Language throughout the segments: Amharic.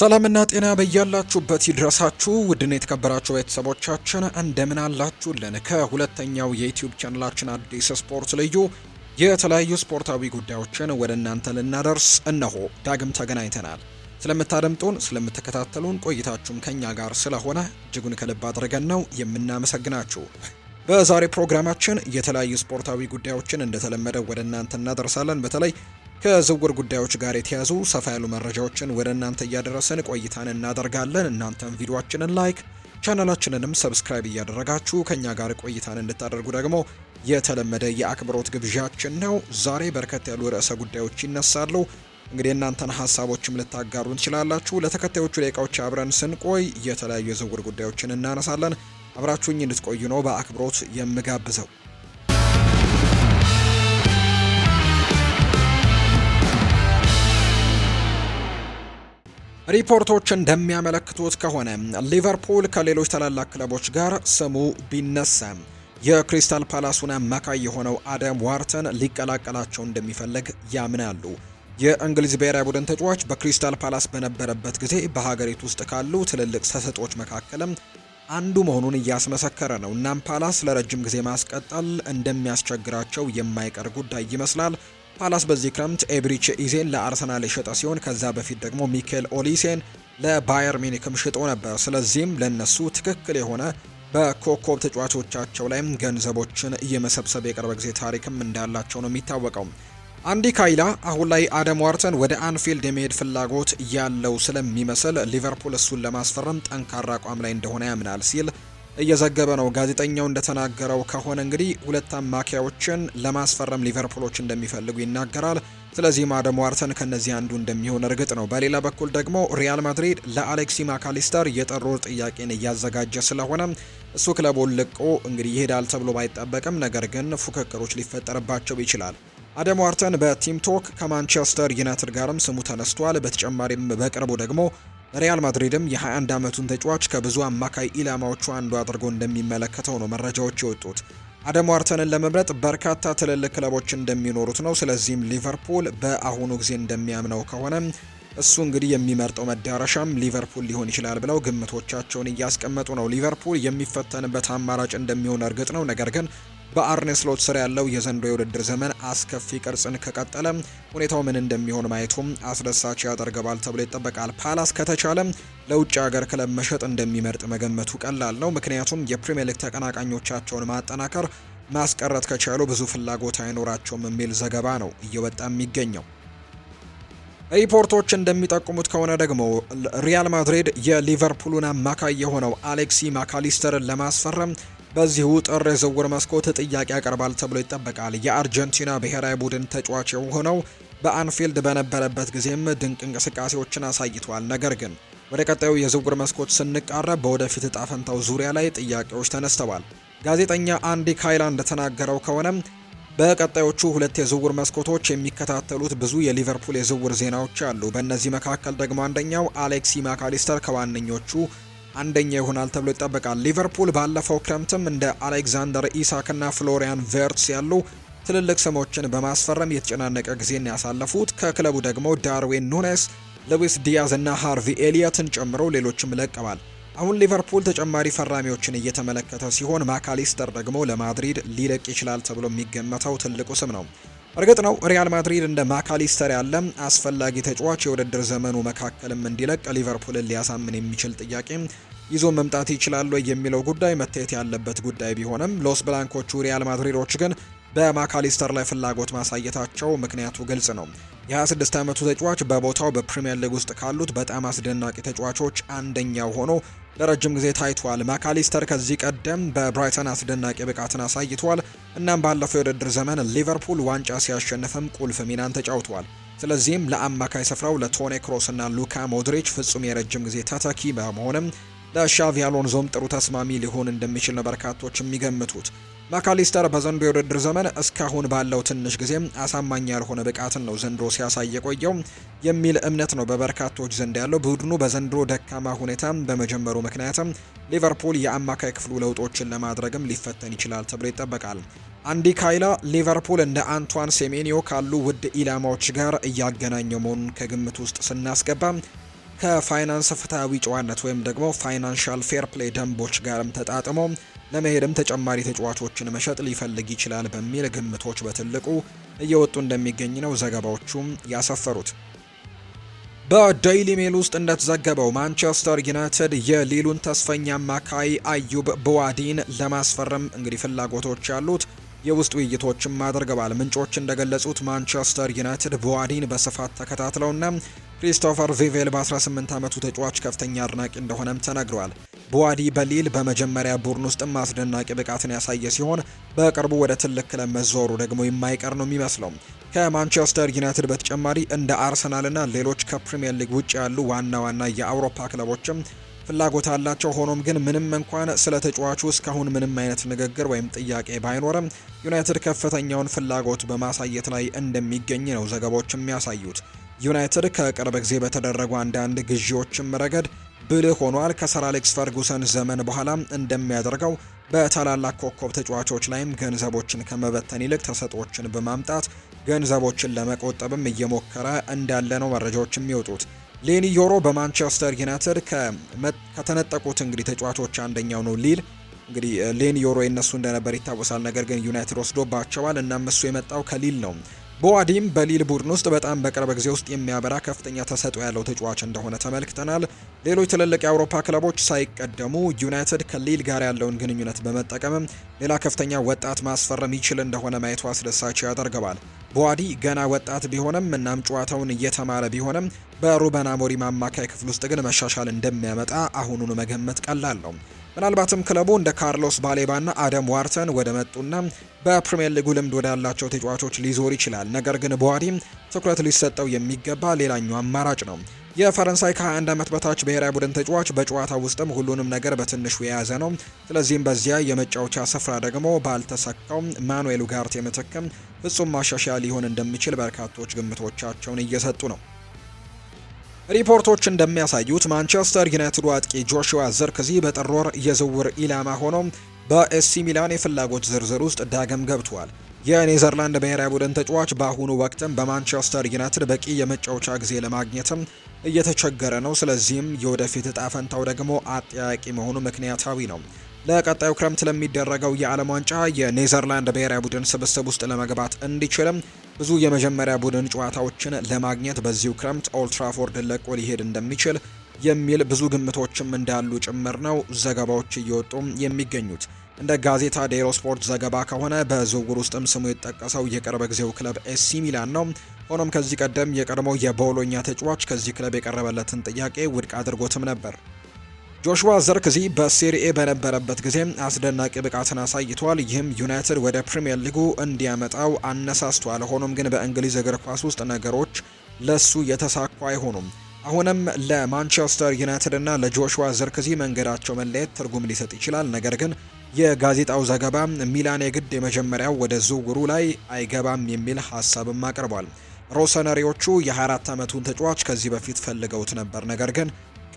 ሰላምና ጤና በያላችሁበት ይድረሳችሁ። ውድን የተከበራችሁ ቤተሰቦቻችን እንደምን አላችሁልን? ከሁለተኛው የዩትዩብ ቻናላችን አዲስ ስፖርት ልዩ የተለያዩ ስፖርታዊ ጉዳዮችን ወደ እናንተ ልናደርስ እነሆ ዳግም ተገናኝተናል። ስለምታደምጡን፣ ስለምትከታተሉን ቆይታችሁም ከኛ ጋር ስለሆነ እጅጉን ከልብ አድርገን ነው የምናመሰግናችሁ። በዛሬ ፕሮግራማችን የተለያዩ ስፖርታዊ ጉዳዮችን እንደተለመደ ወደ እናንተ እናደርሳለን። በተለይ ከዝውውር ጉዳዮች ጋር የተያዙ ሰፋ ያሉ መረጃዎችን ወደ እናንተ እያደረሰን ቆይታን እናደርጋለን። እናንተም ቪዲዮችንን ላይክ ቻናላችንንም ሰብስክራይብ እያደረጋችሁ ከኛ ጋር ቆይታን እንድታደርጉ ደግሞ የተለመደ የአክብሮት ግብዣችን ነው። ዛሬ በርከት ያሉ ርዕሰ ጉዳዮች ይነሳሉ። እንግዲህ እናንተን ሀሳቦችም ልታጋሩ እንችላላችሁ። ለተከታዮቹ ደቂቃዎች አብረን ስንቆይ የተለያዩ የዝውውር ጉዳዮችን እናነሳለን። አብራችሁኝ እንድትቆዩ ነው በአክብሮት የምጋብዘው። ሪፖርቶች እንደሚያመለክቱት ከሆነ ሊቨርፑል ከሌሎች ታላላቅ ክለቦች ጋር ስሙ ቢነሳ የክሪስታል ፓላሱን አማካይ የሆነው አደም ዋርተን ሊቀላቀላቸው እንደሚፈልግ ያምናሉ። የእንግሊዝ ብሔራዊ ቡድን ተጫዋች በክሪስታል ፓላስ በነበረበት ጊዜ በሀገሪቱ ውስጥ ካሉ ትልልቅ ተሰጦች መካከልም አንዱ መሆኑን እያስመሰከረ ነው። እናም ፓላስ ለረጅም ጊዜ ማስቀጠል እንደሚያስቸግራቸው የማይቀር ጉዳይ ይመስላል። ፓላስ በዚህ ክረምት ኤብሪች ኢዜን ለአርሰናል የሸጠ ሲሆን ከዛ በፊት ደግሞ ሚኬል ኦሊሴን ለባየር ሚኒክም ሽጦ ነበር። ስለዚህም ለነሱ ትክክል የሆነ በኮከብ ተጫዋቾቻቸው ላይም ገንዘቦችን እየመሰብሰብ የቅርብ ጊዜ ታሪክም እንዳላቸው ነው የሚታወቀው። አንዲ ካይላ አሁን ላይ አደም ዋርተን ወደ አንፊልድ የመሄድ ፍላጎት ያለው ስለሚመስል ሊቨርፑል እሱን ለማስፈረም ጠንካራ አቋም ላይ እንደሆነ ያምናል ሲል እየዘገበ ነው። ጋዜጠኛው እንደተናገረው ከሆነ እንግዲህ ሁለት አማካዮችን ለማስፈረም ሊቨርፑሎች እንደሚፈልጉ ይናገራል። ስለዚህ ማደሞ አርተን ከነዚህ አንዱ እንደሚሆን እርግጥ ነው። በሌላ በኩል ደግሞ ሪያል ማድሪድ ለአሌክሲ ማካሊስተር የጠሮር ጥያቄን እያዘጋጀ ስለሆነ እሱ ክለቡን ልቆ እንግዲህ ይሄዳል ተብሎ ባይጠበቅም፣ ነገር ግን ፉክክሮች ሊፈጠርባቸው ይችላል። አደም ዋርተን በቲም ቶክ ከማንቸስተር ዩናይትድ ጋርም ስሙ ተነስቷል። በተጨማሪም በቅርቡ ደግሞ ሪያል ማድሪድም የ21 ዓመቱን ተጫዋች ከብዙ አማካይ ኢላማዎቹ አንዱ አድርጎ እንደሚመለከተው ነው መረጃዎች የወጡት። አደም ዋርተንን ለመምረጥ በርካታ ትልልቅ ክለቦች እንደሚኖሩት ነው። ስለዚህም ሊቨርፑል በአሁኑ ጊዜ እንደሚያምነው ከሆነ እሱ እንግዲህ የሚመርጠው መዳረሻም ሊቨርፑል ሊሆን ይችላል ብለው ግምቶቻቸውን እያስቀመጡ ነው። ሊቨርፑል የሚፈተንበት አማራጭ እንደሚሆን እርግጥ ነው። ነገር ግን በአርኔ ስሎት ስር ያለው የዘንዶ የውድድር ዘመን አስከፊ ቅርጽን ከቀጠለ ሁኔታው ምን እንደሚሆን ማየቱም አስደሳች ያደርገዋል ተብሎ ይጠበቃል። ፓላስ ከተቻለ ለውጭ ሀገር ክለብ መሸጥ እንደሚመርጥ መገመቱ ቀላል ነው። ምክንያቱም የፕሪምየር ሊግ ተቀናቃኞቻቸውን ማጠናከር፣ ማስቀረት ከቻሉ ብዙ ፍላጎት አይኖራቸውም የሚል ዘገባ ነው እየወጣ የሚገኘው። ሪፖርቶች እንደሚጠቁሙት ከሆነ ደግሞ ሪያል ማድሪድ የሊቨርፑሉን አማካይ የሆነው አሌክሲ ማካሊስተርን ለማስፈረም በዚሁ ጥር የዝውውር መስኮት ጥያቄ ያቀርባል ተብሎ ይጠበቃል። የአርጀንቲና ብሔራዊ ቡድን ተጫዋች የሆነው በአንፊልድ በነበረበት ጊዜም ድንቅ እንቅስቃሴዎችን አሳይቷል። ነገር ግን ወደ ቀጣዩ የዝውውር መስኮት ስንቃረብ በወደፊት እጣ ፈንታው ዙሪያ ላይ ጥያቄዎች ተነስተዋል። ጋዜጠኛ አንዲ ካይላ እንደተናገረው ከሆነም በቀጣዮቹ ሁለት የዝውውር መስኮቶች የሚከታተሉት ብዙ የሊቨርፑል የዝውውር ዜናዎች አሉ። በእነዚህ መካከል ደግሞ አንደኛው አሌክሲ ማካሊስተር ከዋነኞቹ አንደኛ ይሆናል ተብሎ ይጠበቃል። ሊቨርፑል ባለፈው ክረምትም እንደ አሌክዛንደር ኢሳክና ፍሎሪያን ቨርትስ ያሉ ትልልቅ ስሞችን በማስፈረም የተጨናነቀ ጊዜን ያሳለፉት ከክለቡ ደግሞ ዳርዊን ኑኔስ፣ ሉዊስ ዲያዝ እና ሃርቪ ኤሊየትን ጨምሮ ሌሎችም ለቀዋል። አሁን ሊቨርፑል ተጨማሪ ፈራሚዎችን እየተመለከተ ሲሆን ማካሊስተር ደግሞ ለማድሪድ ሊለቅ ይችላል ተብሎ የሚገመተው ትልቁ ስም ነው። እርግጥ ነው ሪያል ማድሪድ እንደ ማካሊስተር ያለ አስፈላጊ ተጫዋች የውድድር ዘመኑ መካከልም እንዲለቅ ሊቨርፑልን ሊያሳምን የሚችል ጥያቄ ይዞ መምጣት ይችላሉ የሚለው ጉዳይ መታየት ያለበት ጉዳይ ቢሆንም ሎስ ብላንኮቹ ሪያል ማድሪዶች ግን በማካሊስተር ላይ ፍላጎት ማሳየታቸው ምክንያቱ ግልጽ ነው። የ26 ዓመቱ ተጫዋች በቦታው በፕሪምየር ሊግ ውስጥ ካሉት በጣም አስደናቂ ተጫዋቾች አንደኛው ሆኖ ለረጅም ጊዜ ታይቷል። ማካሊስተር ከዚህ ቀደም በብራይተን አስደናቂ ብቃትን አሳይቷል። እናም ባለፈው የውድድር ዘመን ሊቨርፑል ዋንጫ ሲያሸንፍም ቁልፍ ሚናን ተጫውቷል። ስለዚህም ለአማካይ ስፍራው ለቶኒ ክሮስ እና ሉካ ሞድሪች ፍጹም የረጅም ጊዜ ተተኪ በመሆንም ለሻቪ አሎንዞም ጥሩ ተስማሚ ሊሆን እንደሚችል ነው በርካቶች የሚገምቱት። ማካሊስተር በዘንድሮ የውድድር ዘመን እስካሁን ባለው ትንሽ ጊዜም አሳማኝ ያልሆነ ብቃትን ነው ዘንድሮ ሲያሳይ የቆየው የሚል እምነት ነው በበርካቶች ዘንድ ያለው። ቡድኑ በዘንድሮ ደካማ ሁኔታ በመጀመሩ ምክንያትም ሊቨርፑል የአማካይ ክፍሉ ለውጦችን ለማድረግም ሊፈተን ይችላል ተብሎ ይጠበቃል። አንዲ ካይላ ሊቨርፑል እንደ አንቷን ሴሜኒዮ ካሉ ውድ ኢላማዎች ጋር እያገናኘው መሆኑን ከግምት ውስጥ ስናስገባ ከፋይናንስ ፍትሐዊ ጨዋነት ወይም ደግሞ ፋይናንሻል ፌር ፕሌይ ደንቦች ጋርም ተጣጥሞ ለመሄድም ተጨማሪ ተጫዋቾችን መሸጥ ሊፈልግ ይችላል በሚል ግምቶች በትልቁ እየወጡ እንደሚገኝ ነው ዘገባዎቹም ያሰፈሩት። በዴይሊ ሜል ውስጥ እንደተዘገበው ማንቸስተር ዩናይትድ የሊሉን ተስፈኛ አማካይ አዩብ ብዋዲን ለማስፈረም እንግዲህ ፍላጎቶች ያሉት የውስጥ ውይይቶችም አድርገዋል። ምንጮች እንደገለጹት ማንቸስተር ዩናይትድ ቦዋዲን በስፋት ተከታትለውና ክሪስቶፈር ቪቬል በ18 ዓመቱ ተጫዋች ከፍተኛ አድናቂ እንደሆነም ተነግሯል። ቦዋዲ በሊል በመጀመሪያ ቡድን ውስጥም አስደናቂ ብቃትን ያሳየ ሲሆን በቅርቡ ወደ ትልቅ ክለብ መዞሩ ደግሞ የማይቀር ነው የሚመስለው። ከማንቸስተር ዩናይትድ በተጨማሪ እንደ አርሰናልና ሌሎች ከፕሪምየር ሊግ ውጭ ያሉ ዋና ዋና የአውሮፓ ክለቦችም ፍላጎት አላቸው። ሆኖም ግን ምንም እንኳን ስለ ተጫዋቹ እስካሁን ምንም አይነት ንግግር ወይም ጥያቄ ባይኖርም ዩናይትድ ከፍተኛውን ፍላጎት በማሳየት ላይ እንደሚገኝ ነው ዘገባዎች የሚያሳዩት። ዩናይትድ ከቅርብ ጊዜ በተደረጉ አንዳንድ ግዢዎችም ረገድ ብልህ ሆኗል። ከሰር አሌክስ ፈርጉሰን ዘመን በኋላ እንደሚያደርገው በታላላቅ ኮከብ ተጫዋቾች ላይም ገንዘቦችን ከመበተን ይልቅ ተሰጦችን በማምጣት ገንዘቦችን ለመቆጠብም እየሞከረ እንዳለ ነው መረጃዎች የሚወጡት። ሌኒ ዮሮ በማንቸስተር ዩናይትድ ከተነጠቁት እንግዲህ ተጫዋቾች አንደኛው ነው ሊል እንግዲህ ሌኒ ዮሮ የነሱ እንደነበር ይታወሳል። ነገር ግን ዩናይትድ ወስዶባቸዋል። እናም እሱ የመጣው ከሊል ነው። በዋዲም በሊል ቡድን ውስጥ በጣም በቅርብ ጊዜ ውስጥ የሚያበራ ከፍተኛ ተሰጥኦ ያለው ተጫዋች እንደሆነ ተመልክተናል። ሌሎች ትልልቅ የአውሮፓ ክለቦች ሳይቀደሙ ዩናይትድ ከሊል ጋር ያለውን ግንኙነት በመጠቀምም ሌላ ከፍተኛ ወጣት ማስፈረም ይችል እንደሆነ ማየቱ አስደሳች ያደርገዋል። በዋዲ ገና ወጣት ቢሆንም እናም ጨዋታውን እየተማረ ቢሆንም በሩበን አሞሪም አማካይ ክፍል ውስጥ ግን መሻሻል እንደሚያመጣ አሁኑን መገመት ቀላል ነው። ምናልባትም ክለቡ እንደ ካርሎስ ባሌባና አደም ዋርተን ወደ መጡና በፕሪምየር ሊጉ ልምድ ወዳላቸው ተጫዋቾች ሊዞር ይችላል። ነገር ግን በዋዲ ትኩረት ሊሰጠው የሚገባ ሌላኛው አማራጭ ነው። የፈረንሳይ ከ21 ዓመት በታች ብሔራዊ ቡድን ተጫዋች በጨዋታ ውስጥም ሁሉንም ነገር በትንሹ የያዘ ነው። ስለዚህም በዚያ የመጫወቻ ስፍራ ደግሞ ባልተሰካው ማኑኤል ጋርቴ ምትክም ፍጹም ማሻሻያ ሊሆን እንደሚችል በርካቶች ግምቶቻቸውን እየሰጡ ነው። ሪፖርቶች እንደሚያሳዩት ማንቸስተር ዩናይትድ አጥቂ ጆሹዋ ዘርክዚ በጥር ወር የዝውውር ኢላማ ሆኖ በኤሲ ሚላን የፍላጎት ዝርዝር ውስጥ ዳግም ገብቷል። የኔዘርላንድ ብሔራዊ ቡድን ተጫዋች በአሁኑ ወቅትም በማንቸስተር ዩናይትድ በቂ የመጫወቻ ጊዜ ለማግኘትም እየተቸገረ ነው። ስለዚህም የወደፊት እጣ ፈንታው ደግሞ አጠያቂ መሆኑ ምክንያታዊ ነው። ለቀጣዩ ክረምት ለሚደረገው የዓለም ዋንጫ የኔዘርላንድ ብሔራዊ ቡድን ስብስብ ውስጥ ለመግባት እንዲችልም ብዙ የመጀመሪያ ቡድን ጨዋታዎችን ለማግኘት በዚሁ ክረምት ኦልትራፎርድን ለቆ ሊሄድ እንደሚችል የሚል ብዙ ግምቶችም እንዳሉ ጭምር ነው ዘገባዎች እየወጡ የሚገኙት። እንደ ጋዜታ ዴሎ ስፖርት ዘገባ ከሆነ በዝውውር ውስጥም ስሙ የተጠቀሰው የቅርብ ጊዜው ክለብ ኤሲ ሚላን ነው። ሆኖም ከዚህ ቀደም የቀድሞው የቦሎኛ ተጫዋች ከዚህ ክለብ የቀረበለትን ጥያቄ ውድቅ አድርጎትም ነበር። ጆሹዋ ዘርክዚ በሴሪኤ በነበረበት ጊዜ አስደናቂ ብቃትን አሳይቷል። ይህም ዩናይትድ ወደ ፕሪምየር ሊጉ እንዲያመጣው አነሳስቷል። ሆኖም ግን በእንግሊዝ እግር ኳስ ውስጥ ነገሮች ለሱ የተሳኩ አይሆኑም። አሁንም ለማንቸስተር ዩናይትድ እና ለጆሹዋ ዘርክዚ መንገዳቸው መለየት ትርጉም ሊሰጥ ይችላል። ነገር ግን የጋዜጣው ዘገባ ሚላን የግድ የመጀመሪያው ወደ ዝውውሩ ላይ አይገባም የሚል ሀሳብም አቅርቧል። ሮሰነሪዎቹ የ24 ዓመቱን ተጫዋች ከዚህ በፊት ፈልገውት ነበር ነገር ግን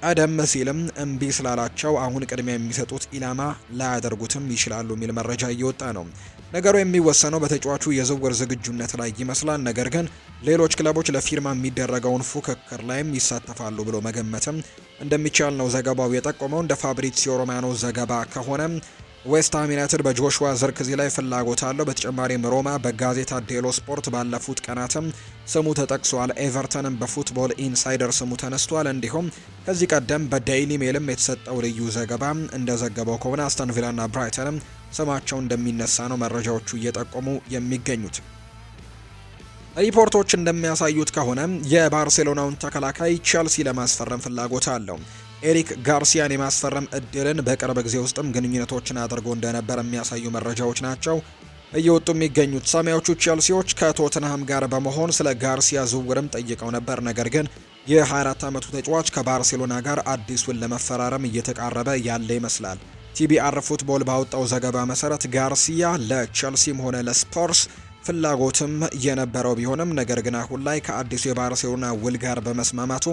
ቀደም ሲልም እምቢ ስላላቸው አሁን ቅድሚያ የሚሰጡት ኢላማ ላያደርጉትም ይችላሉ የሚል መረጃ እየወጣ ነው። ነገሩ የሚወሰነው በተጫዋቹ የዝውውር ዝግጁነት ላይ ይመስላል። ነገር ግን ሌሎች ክለቦች ለፊርማ የሚደረገውን ፉክክር ላይም ይሳተፋሉ ብሎ መገመትም እንደሚቻል ነው ዘገባው የጠቆመው። እንደ ፋብሪዚዮ ሮማኖ ዘገባ ከሆነ ዌስትሃም ዩናይትድ በጆሹዋ ዘርክዚ ላይ ፍላጎት አለው። በተጨማሪም ሮማ በጋዜታ ዴሎ ስፖርት ባለፉት ቀናትም ስሙ ተጠቅሷል። ኤቨርተንም በፉትቦል ኢንሳይደር ስሙ ተነስቷል። እንዲሁም ከዚህ ቀደም በዴይሊ ሜልም የተሰጠው ልዩ ዘገባ እንደዘገበው ከሆነ አስተን ቪላና ብራይተንም ስማቸው እንደሚነሳ ነው መረጃዎቹ እየጠቆሙ የሚገኙት። ሪፖርቶች እንደሚያሳዩት ከሆነ የባርሴሎናውን ተከላካይ ቼልሲ ለማስፈረም ፍላጎት አለው። ኤሪክ ጋርሲያን የማስፈረም እድልን በቅርብ ጊዜ ውስጥም ግንኙነቶችን አድርጎ እንደነበር የሚያሳዩ መረጃዎች ናቸው እየወጡ የሚገኙት። ሰማያዎቹ ቼልሲዎች ከቶትንሃም ጋር በመሆን ስለ ጋርሲያ ዝውውርም ጠይቀው ነበር። ነገር ግን የ24 ዓመቱ ተጫዋች ከባርሴሎና ጋር አዲሱን ለመፈራረም እየተቃረበ ያለ ይመስላል። ቲቢአር ፉትቦል ባወጣው ዘገባ መሰረት ጋርሲያ ለቼልሲም ሆነ ለስፐርስ ፍላጎትም የነበረው ቢሆንም ነገር ግን አሁን ላይ ከአዲሱ የባርሴሎና ውል ጋር በመስማማቱ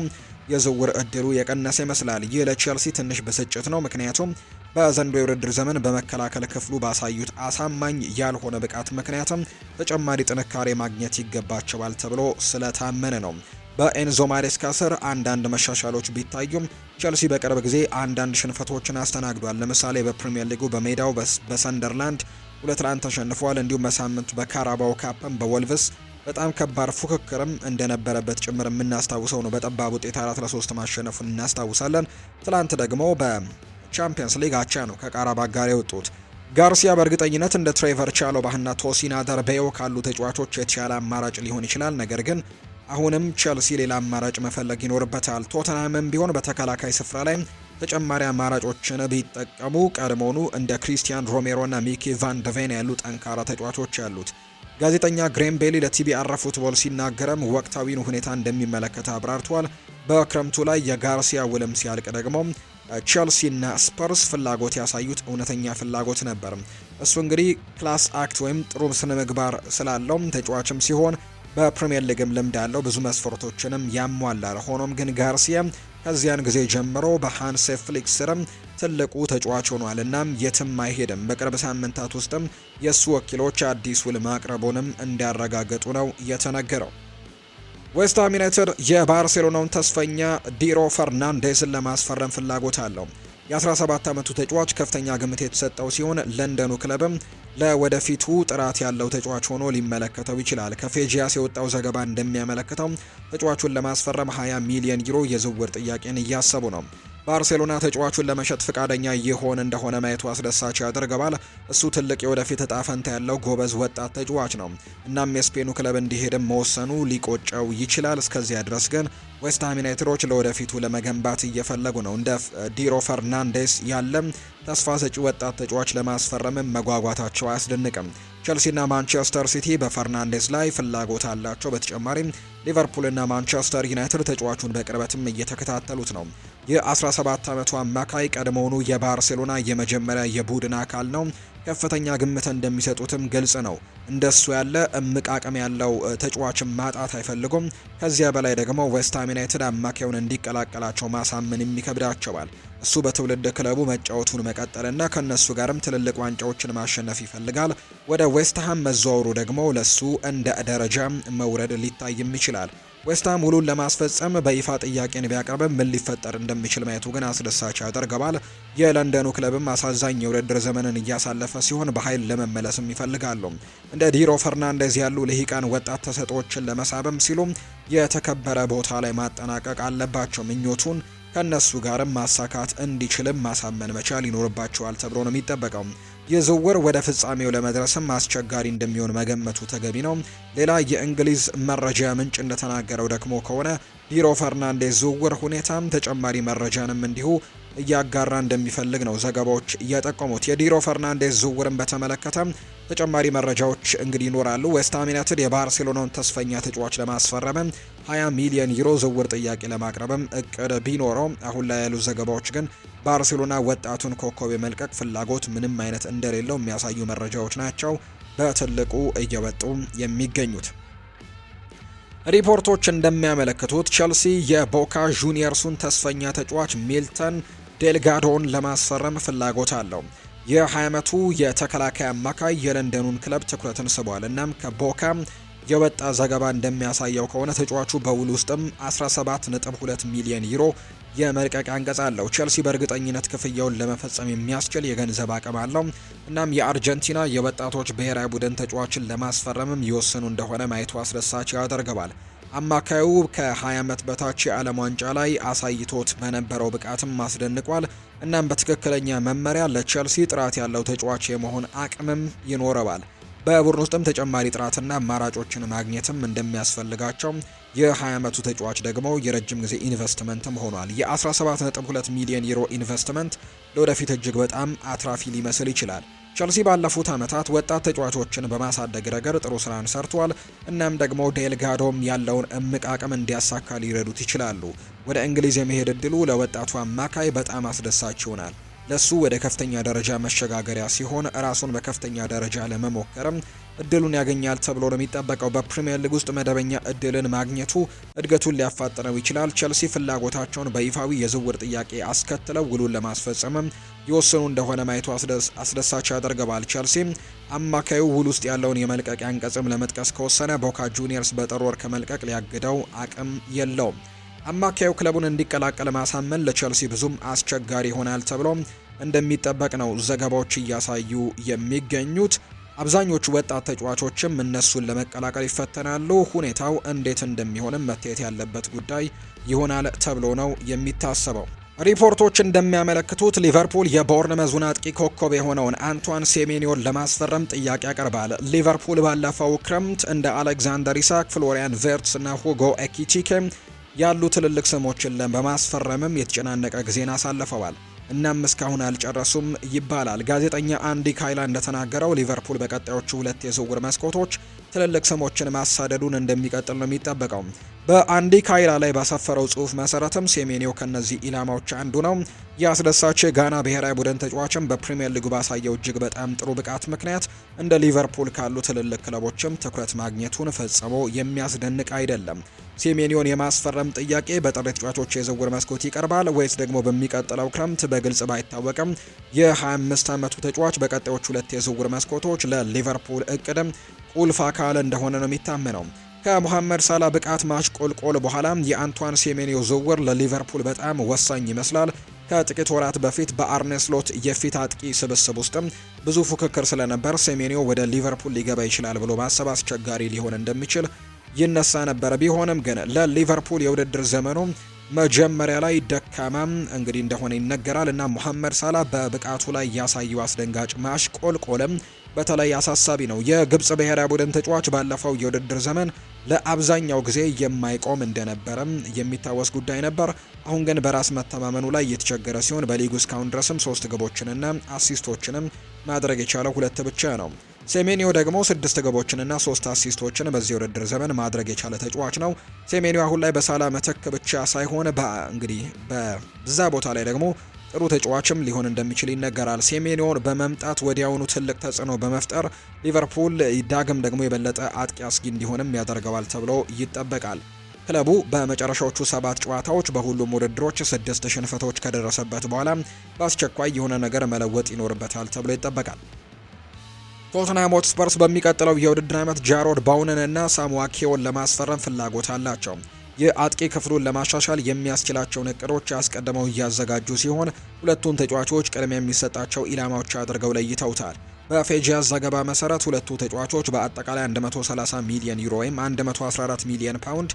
የዝውውር እድሉ የቀነሰ ይመስላል። ይህ ለቼልሲ ትንሽ ብስጭት ነው፣ ምክንያቱም በዘንዶ የውድድር ዘመን በመከላከል ክፍሉ ባሳዩት አሳማኝ ያልሆነ ብቃት ምክንያትም ተጨማሪ ጥንካሬ ማግኘት ይገባቸዋል ተብሎ ስለታመነ ነው። በኤንዞ ማሬስካ ስር አንዳንድ መሻሻሎች ቢታዩም ቸልሲ በቅርብ ጊዜ አንዳንድ ሽንፈቶችን አስተናግዷል። ለምሳሌ በፕሪምየር ሊጉ በሜዳው በሰንደርላንድ ሁለት ለአንድ ተሸንፏል። እንዲሁም በሳምንቱ በካራባው ካፕም በወልቭስ በጣም ከባድ ፉክክርም እንደነበረበት ጭምር የምናስታውሰው ነው። በጠባብ ውጤት አራት ለሶስት ማሸነፉን እናስታውሳለን። ትላንት ደግሞ በቻምፒየንስ ሊግ አቻ ነው ከቃራባግ ጋር የወጡት። ጋርሲያ በእርግጠኝነት እንደ ትሬቨር ቻሎባህና ቶሲና ደርቤዮ ካሉ ተጫዋቾች የተሻለ አማራጭ ሊሆን ይችላል። ነገር ግን አሁንም ቸልሲ ሌላ አማራጭ መፈለግ ይኖርበታል። ቶተናምም ቢሆን በተከላካይ ስፍራ ላይ ተጨማሪ አማራጮችን ቢጠቀሙ ቀድሞኑ እንደ ክሪስቲያን ሮሜሮና ሚኪ ቫን ደቬን ያሉ ጠንካራ ተጫዋቾች ያሉት ጋዜጠኛ ግሬም ቤሊ ለቲቢአር ፉትቦል ሲናገረም ወቅታዊን ሁኔታ እንደሚመለከት አብራርቷል። በክረምቱ ላይ የጋርሲያ ውልም ሲያልቅ ደግሞ ቼልሲና ስፐርስ ፍላጎት ያሳዩት እውነተኛ ፍላጎት ነበር። እሱ እንግዲህ ክላስ አክት ወይም ጥሩ ስነ ምግባር ስላለው ተጫዋችም ሲሆን በፕሪምየር ሊግም ልምድ አለው። ብዙ መስፈርቶችንም ያሟላል። ሆኖም ግን ጋርሲያ ከዚያን ጊዜ ጀምሮ በሃንስ ፍሊክ ስርም ትልቁ ተጫዋች ሆኗል። እናም የትም አይሄድም። በቅርብ ሳምንታት ውስጥም የእሱ ወኪሎች አዲስ ውል ማቅረቡንም እንዲያረጋግጡ ነው የተነገረው። ዌስትሃም ዩናይትድ የባርሴሎናውን ተስፈኛ ዲሮ ፈርናንዴዝን ለማስፈረም ፍላጎት አለው። የ17 ዓመቱ ተጫዋች ከፍተኛ ግምት የተሰጠው ሲሆን ለንደኑ ክለብም ለወደፊቱ ጥራት ያለው ተጫዋች ሆኖ ሊመለከተው ይችላል። ከፌጂያስ የወጣው ዘገባ እንደሚያመለክተው ተጫዋቹን ለማስፈረም 20 ሚሊዮን ዩሮ የዝውውር ጥያቄን እያሰቡ ነው። ባርሴሎና ተጫዋቹን ለመሸጥ ፈቃደኛ ይሆን እንደሆነ ማየቱ አስደሳች ያደርገዋል። እሱ ትልቅ የወደፊት እጣ ፈንታ ያለው ጎበዝ ወጣት ተጫዋች ነው። እናም የስፔኑ ክለብ እንዲሄድም መወሰኑ ሊቆጨው ይችላል። እስከዚያ ድረስ ግን ዌስትሃም ዩናይትዶች ለወደፊቱ ለመገንባት እየፈለጉ ነው። እንደ ዲሮ ፈርናንዴስ ያለም ተስፋ ሰጪ ወጣት ተጫዋች ለማስፈረምም መጓጓታቸው አያስደንቅም። ቸልሲና ማንቸስተር ሲቲ በፈርናንዴስ ላይ ፍላጎት አላቸው። በተጨማሪም ሊቨርፑልና ማንቸስተር ዩናይትድ ተጫዋቹን በቅርበትም እየተከታተሉት ነው። የ17 ዓመቱ አማካይ ቀድሞውኑ የባርሴሎና የመጀመሪያ የቡድን አካል ነው። ከፍተኛ ግምት እንደሚሰጡትም ግልጽ ነው። እንደሱ ያለ እምቅ አቅም ያለው ተጫዋችን ማጣት አይፈልጉም። ከዚያ በላይ ደግሞ ዌስትሃም ዩናይትድ አማካዩን እንዲቀላቀላቸው ማሳመንም ይከብዳቸዋል። እሱ በትውልድ ክለቡ መጫወቱን መቀጠልና ከነሱ ጋርም ትልልቅ ዋንጫዎችን ማሸነፍ ይፈልጋል። ወደ ዌስትሃም መዘዋወሩ ደግሞ ለሱ እንደ ደረጃ መውረድ ሊታይም ይችላል። ዌስትሃም ውሉን ለማስፈጸም በይፋ ጥያቄን ቢያቀርብ ምን ሊፈጠር እንደሚችል ማየቱ ግን አስደሳች ያደርገዋል። የለንደኑ ክለብም አሳዛኝ የውድድር ዘመንን እያሳለፈ ሲሆን በኃይል ለመመለስም ይፈልጋሉ። እንደ ዲሮ ፈርናንዴዝ ያሉ ልሂቃን ወጣት ተሰጥኦችን ለመሳብም ሲሉ የተከበረ ቦታ ላይ ማጠናቀቅ አለባቸው ምኞቱን ከእነሱ ጋርም ማሳካት እንዲችልም ማሳመን መቻል ይኖርባቸዋል ተብሎ ነው የሚጠበቀው። ይህ ወደ ፍጻሜው ለመድረስም አስቸጋሪ እንደሚሆን መገመቱ ተገቢ ነው። ሌላ የእንግሊዝ መረጃ ምንጭ እንደተናገረው ደግሞ ከሆነ ቢሮ ፈርናንዴዝ ዝውውር ሁኔታም ተጨማሪ መረጃንም እንዲሁ እያጋራ እንደሚፈልግ ነው ዘገባዎች እያጠቆሙት። የዲሮ ፈርናንዴዝ ዝውውርን በተመለከተ ተጨማሪ መረጃዎች እንግዲህ ይኖራሉ። ዌስትሃም ዩናይትድ የባርሴሎናውን ተስፈኛ ተጫዋች ለማስፈረምም 20 ሚሊዮን ዩሮ ዝውውር ጥያቄ ለማቅረብም እቅድ ቢኖረው አሁን ላይ ያሉት ዘገባዎች ግን ባርሴሎና ወጣቱን ኮከብ የመልቀቅ ፍላጎት ምንም አይነት እንደሌለው የሚያሳዩ መረጃዎች ናቸው በትልቁ እየወጡ የሚገኙት። ሪፖርቶች እንደሚያመለክቱት ቸልሲ የቦካ ጁኒየርሱን ተስፈኛ ተጫዋች ሚልተን ዴልጋዶን ለማስፈረም ፍላጎት አለው። የ20 ዓመቱ የተከላካይ አማካይ የለንደኑን ክለብ ትኩረትን ስቧል። እናም ከቦካ የወጣ ዘገባ እንደሚያሳየው ከሆነ ተጫዋቹ በውል ውስጥም 17.2 ሚሊዮን ዩሮ የመልቀቅ አንቀጽ አለው። ቼልሲ በእርግጠኝነት ክፍያውን ለመፈጸም የሚያስችል የገንዘብ አቅም አለው። እናም የአርጀንቲና የወጣቶች ብሔራዊ ቡድን ተጫዋችን ለማስፈረምም ይወስኑ እንደሆነ ማየቱ አስደሳች ያደርገዋል። አማካዩ ከ20 ዓመት በታች የዓለም ዋንጫ ላይ አሳይቶት በነበረው ብቃትም አስደንቋል። እናም በትክክለኛ መመሪያ ለቸልሲ ጥራት ያለው ተጫዋች የመሆን አቅምም ይኖረዋል። በቡድን ውስጥም ተጨማሪ ጥራትና አማራጮችን ማግኘትም እንደሚያስፈልጋቸው የ20 ዓመቱ ተጫዋች ደግሞ የረጅም ጊዜ ኢንቨስትመንትም ሆኗል። የ17.2 ሚሊዮን ዩሮ ኢንቨስትመንት ለወደፊት እጅግ በጣም አትራፊ ሊመስል ይችላል። ቸልሲ ባለፉት ዓመታት ወጣት ተጫዋቾችን በማሳደግ ረገድ ጥሩ ስራን ሰርቷል። እናም ደግሞ ዴልጋዶም ያለውን እምቅ አቅም እንዲያሳካ ሊረዱት ይችላሉ። ወደ እንግሊዝ የመሄድ እድሉ ለወጣቱ አማካይ በጣም አስደሳች ይሆናል። ለሱ ወደ ከፍተኛ ደረጃ መሸጋገሪያ ሲሆን ራሱን በከፍተኛ ደረጃ ለመሞከርም እድሉን ያገኛል ተብሎ ለሚጠበቀው በፕሪምየር ሊግ ውስጥ መደበኛ እድልን ማግኘቱ እድገቱን ሊያፋጥነው ይችላል። ቸልሲ ፍላጎታቸውን በይፋዊ የዝውውር ጥያቄ አስከትለው ውሉን ለማስፈጸምም ይወሰኑ እንደሆነ ማየቱ አስደሳች ያደርገዋል። ቸልሲ አማካዩ ውል ውስጥ ያለውን የመልቀቂያ አንቀጽም ለመጥቀስ ከወሰነ ቦካ ጁኒየርስ በጥር ወር ከመልቀቅ ሊያግደው አቅም የለውም። አማካዩ ክለቡን እንዲቀላቀል ማሳመን ለቸልሲ ብዙም አስቸጋሪ ይሆናል ተብሎ እንደሚጠበቅ ነው ዘገባዎች እያሳዩ የሚገኙት። አብዛኞቹ ወጣት ተጫዋቾችም እነሱን ለመቀላቀል ይፈተናሉ። ሁኔታው እንዴት እንደሚሆንም መታየት ያለበት ጉዳይ ይሆናል ተብሎ ነው የሚታሰበው። ሪፖርቶች እንደሚያመለክቱት ሊቨርፑል የቦርንመዙን አጥቂ ኮከብ የሆነውን አንቷን ሴሜኒዮን ለማስፈረም ጥያቄ ያቀርባል። ሊቨርፑል ባለፈው ክረምት እንደ አሌክዛንደር ኢሳክ፣ ፍሎሪያን ቬርትስ እና ሁጎ ኤኪቲኬ ያሉ ትልልቅ ስሞችን በማስፈረምም የተጨናነቀ ጊዜን አሳልፈዋል። እናም እስካሁን አልጨረሱም ይባላል። ጋዜጠኛ አንዲ ካይላ እንደተናገረው ሊቨርፑል በቀጣዮቹ ሁለት የዝውውር መስኮቶች ትልልቅ ስሞችን ማሳደዱን እንደሚቀጥል ነው የሚጠበቀው። በአንዲ ካይራ ላይ ባሰፈረው ጽሁፍ መሰረትም ሴሜኒዮ ከነዚህ ኢላማዎች አንዱ ነው። የአስደሳች ጋና ብሔራዊ ቡድን ተጫዋችም በፕሪምየር ሊጉ ባሳየው እጅግ በጣም ጥሩ ብቃት ምክንያት እንደ ሊቨርፑል ካሉ ትልልቅ ክለቦችም ትኩረት ማግኘቱን ፈጽሞ የሚያስደንቅ አይደለም። ሴሜኒዮን የማስፈረም ጥያቄ በጥር ተጫዋቾች የዝውውር መስኮት ይቀርባል ወይስ ደግሞ በሚቀጥለው ክረምት በግልጽ ባይታወቅም የ25 ዓመቱ ተጫዋች በቀጣዮች ሁለት የዝውውር መስኮቶች ለሊቨርፑል እቅድም ቁልፍ አካል እንደሆነ ነው የሚታመነው። ከሙሐመድ ሳላ ብቃት ማሽቆልቆል በኋላ የአንቷን ሴሜኒዮ ዝውውር ለሊቨርፑል በጣም ወሳኝ ይመስላል። ከጥቂት ወራት በፊት በአርኔስሎት የፊት አጥቂ ስብስብ ውስጥም ብዙ ፉክክር ስለነበር ሴሜኒዮ ወደ ሊቨርፑል ሊገባ ይችላል ብሎ ማሰብ አስቸጋሪ ሊሆን እንደሚችል ይነሳ ነበር። ቢሆንም ግን ለሊቨርፑል የውድድር ዘመኑ መጀመሪያ ላይ ደካማም እንግዲህ እንደሆነ ይነገራል እና ሙሐመድ ሳላ በብቃቱ ላይ ያሳየው አስደንጋጭ ማሽቆልቆልም በተለይ አሳሳቢ ነው። የግብጽ ብሔራዊ ቡድን ተጫዋች ባለፈው የውድድር ዘመን ለአብዛኛው ጊዜ የማይቆም እንደነበረም የሚታወስ ጉዳይ ነበር። አሁን ግን በራስ መተማመኑ ላይ እየተቸገረ ሲሆን በሊጉ እስካሁን ድረስም ሶስት ግቦችንና አሲስቶችንም ማድረግ የቻለው ሁለት ብቻ ነው። ሴሜኒዮ ደግሞ ስድስት ግቦችንና ሶስት አሲስቶችን በዚህ ውድድር ዘመን ማድረግ የቻለ ተጫዋች ነው። ሴሜኒዮ አሁን ላይ በሳላ መተክ ብቻ ሳይሆን እንግዲህ በዛ ቦታ ላይ ደግሞ ጥሩ ተጫዋችም ሊሆን እንደሚችል ይነገራል። ሴሜኒዮን በመምጣት ወዲያውኑ ትልቅ ተጽዕኖ በመፍጠር ሊቨርፑል ዳግም ደግሞ የበለጠ አጥቂ አስጊ እንዲሆንም ያደርገዋል ተብሎ ይጠበቃል። ክለቡ በመጨረሻዎቹ ሰባት ጨዋታዎች በሁሉም ውድድሮች ስድስት ሽንፈቶች ከደረሰበት በኋላ በአስቸኳይ የሆነ ነገር መለወጥ ይኖርበታል ተብሎ ይጠበቃል። ቶትናም ሆትስፐርስ በሚቀጥለው የውድድር ዓመት ጃሮድ ባውንን እና ኬውን ለማስፈረም ፍላጎት አላቸው። የአጥቂ ክፍሉን ለማሻሻል የሚያስችላቸውን እቅዶች አስቀድመው እያዘጋጁ ሲሆን ሁለቱን ተጫዋቾች ቅድሚያ የሚሰጣቸው ኢላማዎች አድርገው ለይተውታል። በፌጂያስ ዘገባ መሰረት ሁለቱ ተጫዋቾች በአጠቃላይ 130 ሚሊዮን ዩሮ ወይም 114 ሚሊዮን ፓውንድ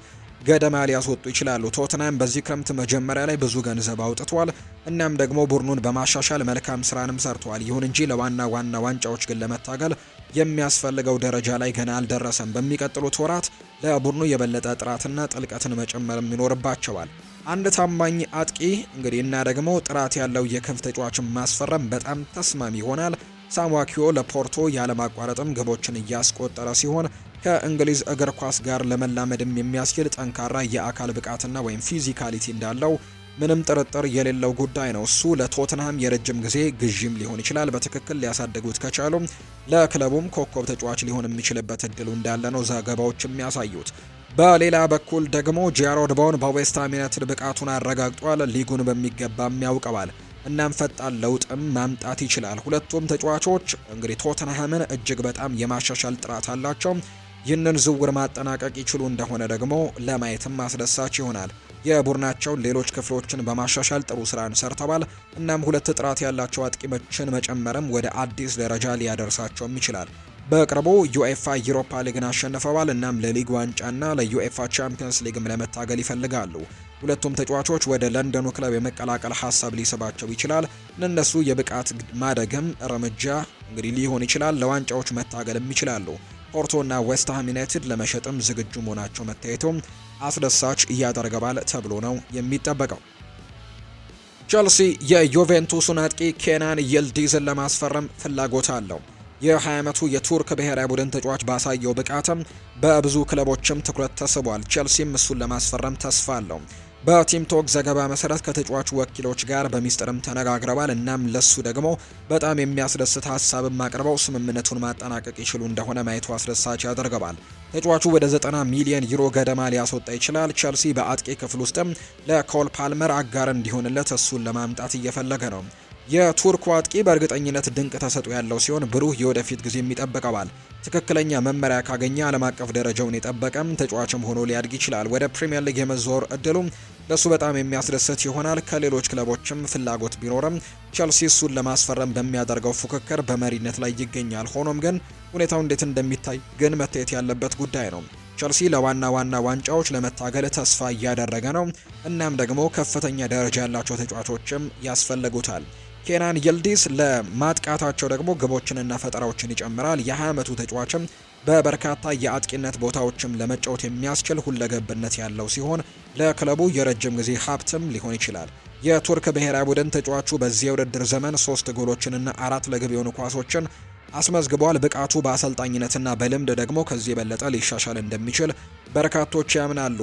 ገደማ ሊያስወጡ ይችላሉ። ቶትናም በዚህ ክረምት መጀመሪያ ላይ ብዙ ገንዘብ አውጥቷል፣ እናም ደግሞ ቡድኑን በማሻሻል መልካም ስራንም ሰርቷል። ይሁን እንጂ ለዋና ዋና ዋንጫዎች ግን ለመታገል የሚያስፈልገው ደረጃ ላይ ገና አልደረሰም። በሚቀጥሉት ወራት ለቡድኑ የበለጠ ጥራትና ጥልቀትን መጨመርም ይኖርባቸዋል። አንድ ታማኝ አጥቂ እንግዲህ እና ደግሞ ጥራት ያለው የክንፍ ተጫዋችን ማስፈረም በጣም ተስማሚ ይሆናል። ሳሟኪዮ ለፖርቶ ያለማቋረጥም ግቦችን እያስቆጠረ ሲሆን ከእንግሊዝ እግር ኳስ ጋር ለመላመድም የሚያስችል ጠንካራ የአካል ብቃትና ወይም ፊዚካሊቲ እንዳለው ምንም ጥርጥር የሌለው ጉዳይ ነው። እሱ ለቶትንሃም የረጅም ጊዜ ግዥም ሊሆን ይችላል። በትክክል ሊያሳድጉት ከቻሉ ለክለቡም ኮከብ ተጫዋች ሊሆን የሚችልበት እድሉ እንዳለ ነው ዘገባዎች የሚያሳዩት። በሌላ በኩል ደግሞ ጂያሮድ ቦን በዌስትሃም ዩናይትድ ብቃቱን አረጋግጧል። ሊጉን በሚገባም ያውቀዋል። እናም ፈጣን ለውጥም ማምጣት ይችላል። ሁለቱም ተጫዋቾች እንግዲህ ቶተንሃምን እጅግ በጣም የማሻሻል ጥራት አላቸው። ይህንን ዝውውር ማጠናቀቅ ይችሉ እንደሆነ ደግሞ ለማየትም አስደሳች ይሆናል። የቡድናቸውን ሌሎች ክፍሎችን በማሻሻል ጥሩ ስራን ሰርተዋል። እናም ሁለት ጥራት ያላቸው አጥቂዎችን መጨመርም ወደ አዲስ ደረጃ ሊያደርሳቸውም ይችላል። በቅርቡ ዩኤፋ ዩሮፓ ሊግን አሸንፈዋል። እናም ለሊግ ዋንጫና ለዩኤፋ ቻምፒየንስ ሊግም ለመታገል ይፈልጋሉ። ሁለቱም ተጫዋቾች ወደ ለንደኑ ክለብ የመቀላቀል ሀሳብ ሊስባቸው ይችላል። ለእነሱ የብቃት ማደግም እርምጃ እንግዲህ ሊሆን ይችላል። ለዋንጫዎች መታገልም ይችላሉ። ፖርቶና ዌስትሃም ዩናይትድ ለመሸጥም ዝግጁ መሆናቸው መታየቱ አስደሳች እያደረገባል ተብሎ ነው የሚጠበቀው። ቸልሲ የዩቬንቱስን አጥቂ ኬናን ይልዲዝን ለማስፈረም ፍላጎት አለው። የ20 ዓመቱ የቱርክ ብሔራዊ ቡድን ተጫዋች ባሳየው ብቃትም በብዙ ክለቦችም ትኩረት ተስቧል። ቸልሲም እሱን ለማስፈረም ተስፋ አለው። በቲም ቶክ ዘገባ መሰረት ከተጫዋቹ ወኪሎች ጋር በሚስጥርም ተነጋግረዋል። እናም ለሱ ደግሞ በጣም የሚያስደስት ሀሳብም አቅርበው ስምምነቱን ማጠናቀቅ ይችሉ እንደሆነ ማየቱ አስደሳች ያደርገዋል። ተጫዋቹ ወደ 90 ሚሊዮን ዩሮ ገደማ ሊያስወጣ ይችላል። ቸልሲ በአጥቂ ክፍል ውስጥም ለኮል ፓልመር አጋር እንዲሆንለት እሱን ለማምጣት እየፈለገ ነው። የቱርኩ አጥቂ በእርግጠኝነት ድንቅ ተሰጥኦ ያለው ሲሆን ብሩህ የወደፊት ጊዜም ይጠብቀዋል ትክክለኛ መመሪያ ካገኘ ዓለም አቀፍ ደረጃውን የጠበቀም ተጫዋችም ሆኖ ሊያድግ ይችላል። ወደ ፕሪምየር ሊግ የመዞር እድሉም ለሱ በጣም የሚያስደስት ይሆናል። ከሌሎች ክለቦችም ፍላጎት ቢኖርም ቸልሲ እሱን ለማስፈረም በሚያደርገው ፉክክር በመሪነት ላይ ይገኛል። ሆኖም ግን ሁኔታው እንዴት እንደሚታይ ግን መታየት ያለበት ጉዳይ ነው። ቸልሲ ለዋና ዋና ዋንጫዎች ለመታገል ተስፋ እያደረገ ነው። እናም ደግሞ ከፍተኛ ደረጃ ያላቸው ተጫዋቾችም ያስፈልጉታል። ኬናን የልዲስ ለማጥቃታቸው ደግሞ ግቦችንና ፈጠራዎችን ይጨምራል። የ20 ዓመቱ ተጫዋችም በበርካታ የአጥቂነት ቦታዎችም ለመጫወት የሚያስችል ሁለገብነት ያለው ሲሆን ለክለቡ የረጅም ጊዜ ሀብትም ሊሆን ይችላል። የቱርክ ብሔራዊ ቡድን ተጫዋቹ በዚህ የውድድር ዘመን ሶስት ጎሎችንና አራት ለግብ የሆኑ ኳሶችን አስመዝግቧል። ብቃቱ በአሰልጣኝነትና በልምድ ደግሞ ከዚህ የበለጠ ሊሻሻል እንደሚችል በርካቶች ያምናሉ።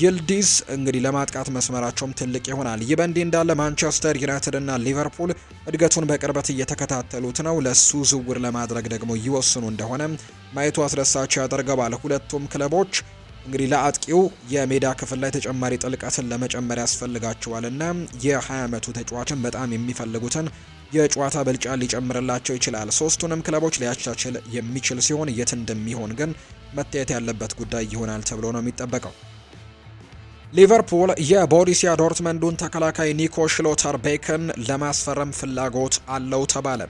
ይልዲዝ እንግዲህ ለማጥቃት መስመራቸውም ትልቅ ይሆናል። ይህ በእንዲህ እንዳለ ማንቸስተር ዩናይትድ እና ሊቨርፑል እድገቱን በቅርበት እየተከታተሉት ነው። ለሱ ዝውውር ለማድረግ ደግሞ ይወስኑ እንደሆነ ማየቱ አስደሳች ያደርገዋል። ሁለቱም ክለቦች እንግዲህ ለአጥቂው የሜዳ ክፍል ላይ ተጨማሪ ጥልቀትን ለመጨመር ያስፈልጋቸዋልና የ20 ዓመቱ ተጫዋችን በጣም የሚፈልጉትን የጨዋታ ብልጫ ሊጨምርላቸው ይችላል። ሶስቱንም ክለቦች ሊያቻችል የሚችል ሲሆን የት እንደሚሆን ግን መታየት ያለበት ጉዳይ ይሆናል ተብሎ ነው የሚጠበቀው። ሊቨርፑል የቦሪሲያ ዶርትመንዱን ተከላካይ ኒኮ ሽሎተር ቤክን ለማስፈረም ፍላጎት አለው ተባለ።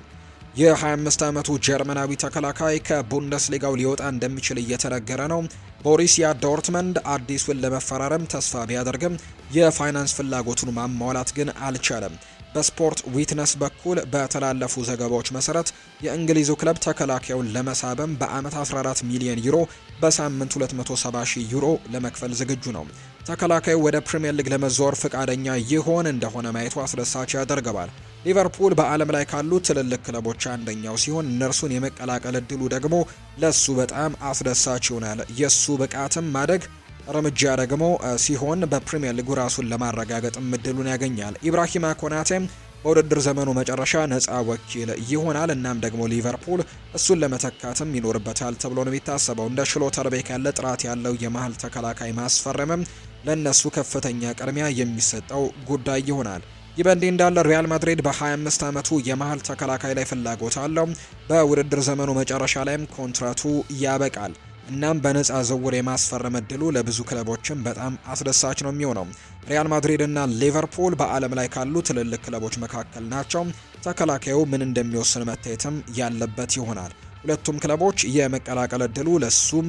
የ25 ዓመቱ ጀርመናዊ ተከላካይ ከቡንደስሊጋው ሊወጣ እንደሚችል እየተነገረ ነው። ቦሪሲያ ዶርትመንድ አዲሱን ለመፈራረም ተስፋ ቢያደርግም የፋይናንስ ፍላጎቱን ማሟላት ግን አልቻለም። በስፖርት ዊትነስ በኩል በተላለፉ ዘገባዎች መሰረት የእንግሊዙ ክለብ ተከላካዩን ለመሳበም በአመት 14 ሚሊዮን ዩሮ በሳምንት 270 ሺህ ዩሮ ለመክፈል ዝግጁ ነው። ተከላካዩ ወደ ፕሪምየር ሊግ ለመዛወር ፈቃደኛ ይሆን እንደሆነ ማየቱ አስደሳች ያደርገዋል። ሊቨርፑል በዓለም ላይ ካሉ ትልልቅ ክለቦች አንደኛው ሲሆን እነርሱን የመቀላቀል እድሉ ደግሞ ለሱ በጣም አስደሳች ይሆናል። የሱ ብቃትም ማደግ እርምጃ ደግሞ ሲሆን በፕሪምየር ሊጉ ራሱን ለማረጋገጥም እድሉን ያገኛል። ኢብራሂማ ኮናቴም በውድድር ዘመኑ መጨረሻ ነፃ ወኪል ይሆናል። እናም ደግሞ ሊቨርፑል እሱን ለመተካትም ይኖርበታል ተብሎ ነው የሚታሰበው። እንደ ሽሎተር ያለ ጥራት ያለው የመሀል ተከላካይ ማስፈረምም ለእነሱ ከፍተኛ ቅድሚያ የሚሰጠው ጉዳይ ይሆናል። ይህ በእንዲህ እንዳለ ሪያል ማድሪድ በ25 ዓመቱ የመሀል ተከላካይ ላይ ፍላጎት አለው። በውድድር ዘመኑ መጨረሻ ላይም ኮንትራቱ ያበቃል። እናም በነፃ ዝውውር የማስፈረም እድሉ ለብዙ ክለቦችም በጣም አስደሳች ነው የሚሆነው። ሪያል ማድሪድ እና ሊቨርፑል በዓለም ላይ ካሉ ትልልቅ ክለቦች መካከል ናቸው። ተከላካዩ ምን እንደሚወስን መታየትም ያለበት ይሆናል። ሁለቱም ክለቦች የመቀላቀል እድሉ ለሱም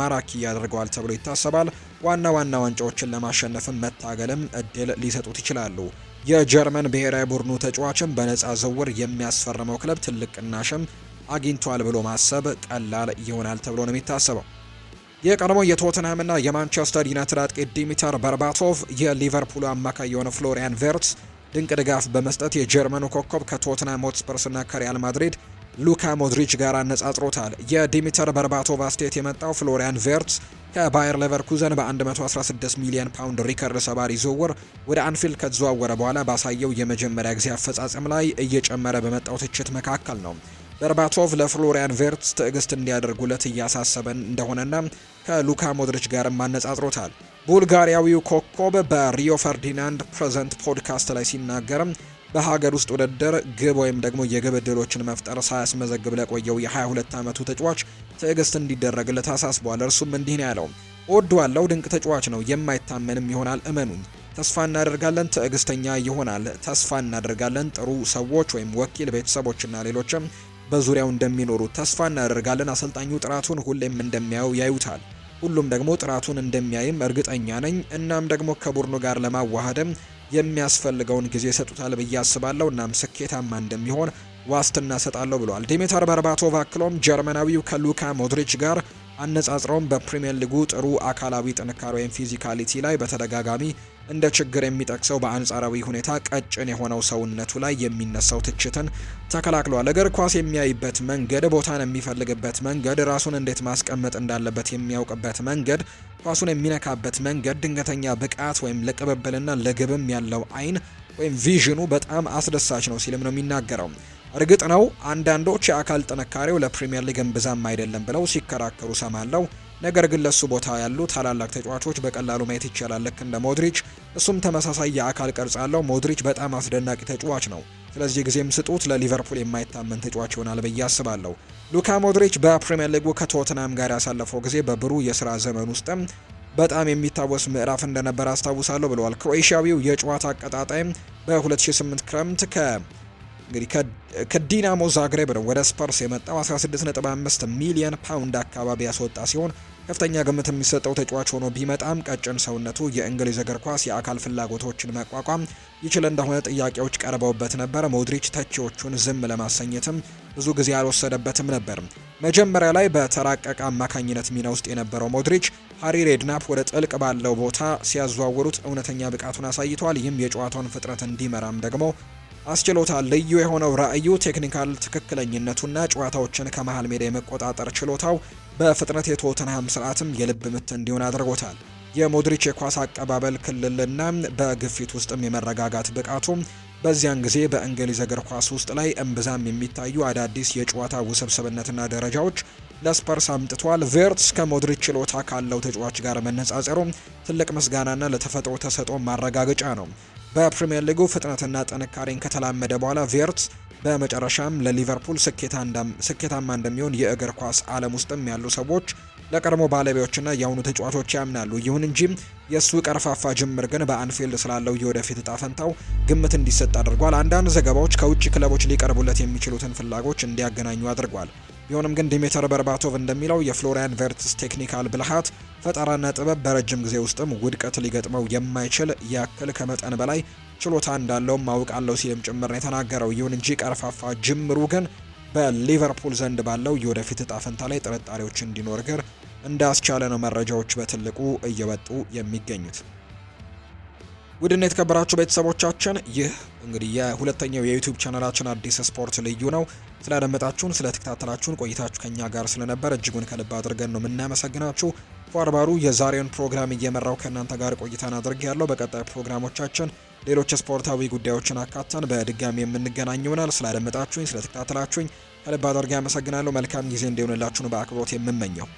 ማራኪ ያደርገዋል ተብሎ ይታሰባል። ዋና ዋና ዋንጫዎችን ለማሸነፍም መታገልም እድል ሊሰጡት ይችላሉ። የጀርመን ብሔራዊ ቡድኑ ተጫዋችም በነፃ ዝውውር የሚያስፈርመው ክለብ ትልቅ ቅናሽም አግኝቷል ብሎ ማሰብ ቀላል ይሆናል ተብሎ ነው የሚታሰበው። የቀድሞ የቶትንሃምና የማንቸስተር ዩናይትድ አጥቂ ዲሚተር በርባቶቭ የሊቨርፑል አማካይ የሆነ ፍሎሪያን ቬርትስ ድንቅ ድጋፍ በመስጠት የጀርመኑ ኮከብ ከቶትንሃም ሆትስፐርስና ከሪያል ማድሪድ ሉካ ሞድሪች ጋር አነጻጽሮታል። የዲሚተር በርባቶቭ አስተያየት የመጣው ፍሎሪያን ቬርትስ ከባየር ሌቨርኩዘን በ116 ሚሊዮን ፓውንድ ሪከርድ ሰባሪ ዝውውር ወደ አንፊልድ ከተዘዋወረ በኋላ ባሳየው የመጀመሪያ ጊዜ አፈጻጸም ላይ እየጨመረ በመጣው ትችት መካከል ነው። በርባቶቭ ለፍሎሪያን ቬርትስ ትዕግስት እንዲያደርጉለት እያሳሰበን እንደሆነና ከሉካ ሞድሪች ጋርም አነጻጽሮታል። ቡልጋሪያዊው ኮከብ በሪዮ ፈርዲናንድ ፕሬዘንት ፖድካስት ላይ ሲናገርም በሀገር ውስጥ ውድድር ግብ ወይም ደግሞ የግብ ዕድሎችን መፍጠር ሳያስመዘግብ ለቆየው የ22 ዓመቱ ተጫዋች ትዕግስት እንዲደረግለት አሳስቧል። እርሱም እንዲህ ነው ያለው። እወደዋለሁ። ድንቅ ተጫዋች ነው። የማይታመንም ይሆናል። እመኑኝ። ተስፋ እናደርጋለን። ትዕግስተኛ ይሆናል። ተስፋ እናደርጋለን። ጥሩ ሰዎች ወይም ወኪል ቤተሰቦችና ሌሎችም በዙሪያው እንደሚኖሩ ተስፋ እናደርጋለን። አሰልጣኙ ጥራቱን ሁሌም እንደሚያዩ ያዩታል። ሁሉም ደግሞ ጥራቱን እንደሚያይም እርግጠኛ ነኝ። እናም ደግሞ ከቡድኑ ጋር ለማዋሃደም የሚያስፈልገውን ጊዜ ሰጡታል ብዬ አስባለሁ። እናም ስኬታማ እንደሚሆን ዋስትና ሰጣለሁ ብለዋል። ዲሜታር በርባቶቭ አክሎም ጀርመናዊው ከሉካ ሞድሪች ጋር አነጻጽረውም በፕሪምየር ሊጉ ጥሩ አካላዊ ጥንካሬ ወይም ፊዚካሊቲ ላይ በተደጋጋሚ እንደ ችግር የሚጠቅሰው በአንጻራዊ ሁኔታ ቀጭን የሆነው ሰውነቱ ላይ የሚነሳው ትችትን ተከላክሏል። እግር ኳስ የሚያይበት መንገድ፣ ቦታን የሚፈልግበት መንገድ፣ ራሱን እንዴት ማስቀመጥ እንዳለበት የሚያውቅበት መንገድ፣ ኳሱን የሚነካበት መንገድ፣ ድንገተኛ ብቃት ወይም ለቅብብልና ለግብም ያለው አይን ወይም ቪዥኑ በጣም አስደሳች ነው ሲልም ነው የሚናገረው። እርግጥ ነው አንዳንዶች የአካል ጥንካሬው ለፕሪምየር ሊግ እምብዛም አይደለም ብለው ሲከራከሩ ሰማለው። ነገር ግን ለሱ ቦታ ያሉ ታላላቅ ተጫዋቾች በቀላሉ ማየት ይቻላል። ልክ እንደ ሞድሪች፣ እሱም ተመሳሳይ የአካል ቅርጽ አለው። ሞድሪች በጣም አስደናቂ ተጫዋች ነው። ስለዚህ ጊዜም ስጡት፣ ለሊቨርፑል የማይታመን ተጫዋች ይሆናል ብዬ አስባለሁ። ሉካ ሞድሪች በፕሪምየር ሊጉ ከቶትናም ጋር ያሳለፈው ጊዜ በብሩህ የስራ ዘመን ውስጥም በጣም የሚታወስ ምዕራፍ እንደነበር አስታውሳለሁ ብለዋል። ክሮኤሽያዊው የጨዋታ አቀጣጣይም በ2008 ክረምት ከ እንግዲህ ከዲናሞ ዛግሬብ ነው ወደ ስፐርስ የመጣው 16.5 ሚሊዮን ፓውንድ አካባቢ ያስወጣ ሲሆን ከፍተኛ ግምት የሚሰጠው ተጫዋች ሆኖ ቢመጣም ቀጭን ሰውነቱ የእንግሊዝ እግር ኳስ የአካል ፍላጎቶችን መቋቋም ይችል እንደሆነ ጥያቄዎች ቀርበውበት ነበር። ሞድሪች ተቺዎቹን ዝም ለማሰኘትም ብዙ ጊዜ አልወሰደበትም ነበር። መጀመሪያ ላይ በተራቀቀ አማካኝነት ሚና ውስጥ የነበረው ሞድሪች ሃሪ ሬድናፕ ወደ ጥልቅ ባለው ቦታ ሲያዘዋውሩት እውነተኛ ብቃቱን አሳይቷል። ይህም የጨዋታውን ፍጥረት እንዲመራም ደግሞ አስችሎታል። ልዩ የሆነው ራዕዩ ቴክኒካል ትክክለኝነቱና ጨዋታዎችን ከመሃል ሜዳ የመቆጣጠር ችሎታው በፍጥነት የቶተንሃም ስርዓትም የልብ ምት እንዲሆን አድርጎታል። የሞድሪች የኳስ አቀባበል ክልልና በግፊት ውስጥም የመረጋጋት ብቃቱ በዚያን ጊዜ በእንግሊዝ እግር ኳስ ውስጥ ላይ እምብዛም የሚታዩ አዳዲስ የጨዋታ ውስብስብነትና ደረጃዎች ለስፐርስ አምጥቷል። ቬርትስ ከሞድሪች ችሎታ ካለው ተጫዋች ጋር መነጻጸሩ ትልቅ ምስጋናና ለተፈጥሮ ተሰጥኦ ማረጋገጫ ነው። በፕሪምየር ሊጉ ፍጥነትና ጥንካሬን ከተላመደ በኋላ ቬርትስ በመጨረሻም ለሊቨርፑል ስኬታማ እንደሚሆን የእግር ኳስ ዓለም ውስጥም ያሉ ሰዎች ለቀድሞ ባለቤዎችና የአሁኑ ተጫዋቾች ያምናሉ። ይሁን እንጂ የእሱ ቀርፋፋ ጅምር ግን በአንፊልድ ስላለው የወደፊት እጣ ፈንታው ግምት እንዲሰጥ አድርጓል። አንዳንድ ዘገባዎች ከውጭ ክለቦች ሊቀርቡለት የሚችሉትን ፍላጎች እንዲያገናኙ አድርጓል። ቢሆንም ግን ዲሜተር በርባቶቭ እንደሚለው የፍሎሪያን ቨርትስ ቴክኒካል ብልሃት፣ ፈጠራና ጥበብ በረጅም ጊዜ ውስጥም ውድቀት ሊገጥመው የማይችል ያክል ከመጠን በላይ ችሎታ እንዳለውም ማውቃለው ሲልም ጭምር ነው የተናገረው። ይሁን እንጂ ቀርፋፋ ጅምሩ ግን በሊቨርፑል ዘንድ ባለው የወደፊት እጣ ፈንታ ላይ ጥርጣሬዎች እንዲኖር ግር እንዳስቻለ ነው መረጃዎች በትልቁ እየወጡ የሚገኙት። ውድና የተከበራችሁ ቤተሰቦቻችን ይህ እንግዲህ የሁለተኛው የዩቲዩብ ቻናላችን አዲስ ስፖርት ልዩ ነው። ስላደመጣችሁን፣ ስለተከታተላችሁን ቆይታችሁ ከኛ ጋር ስለነበር እጅጉን ከልብ አድርገን ነው የምናመሰግናችሁ። ፏርባሩ የዛሬውን ፕሮግራም እየመራው ከእናንተ ጋር ቆይታን አድርግ ያለው። በቀጣይ ፕሮግራሞቻችን ሌሎች ስፖርታዊ ጉዳዮችን አካተን በድጋሚ የምንገናኝ ይሆናል። ስላደመጣችሁኝ፣ ስለተከታተላችሁኝ ከልብ አድርጌ አመሰግናለሁ። መልካም ጊዜ እንዲሆንላችሁ በአክብሮት የምመኘው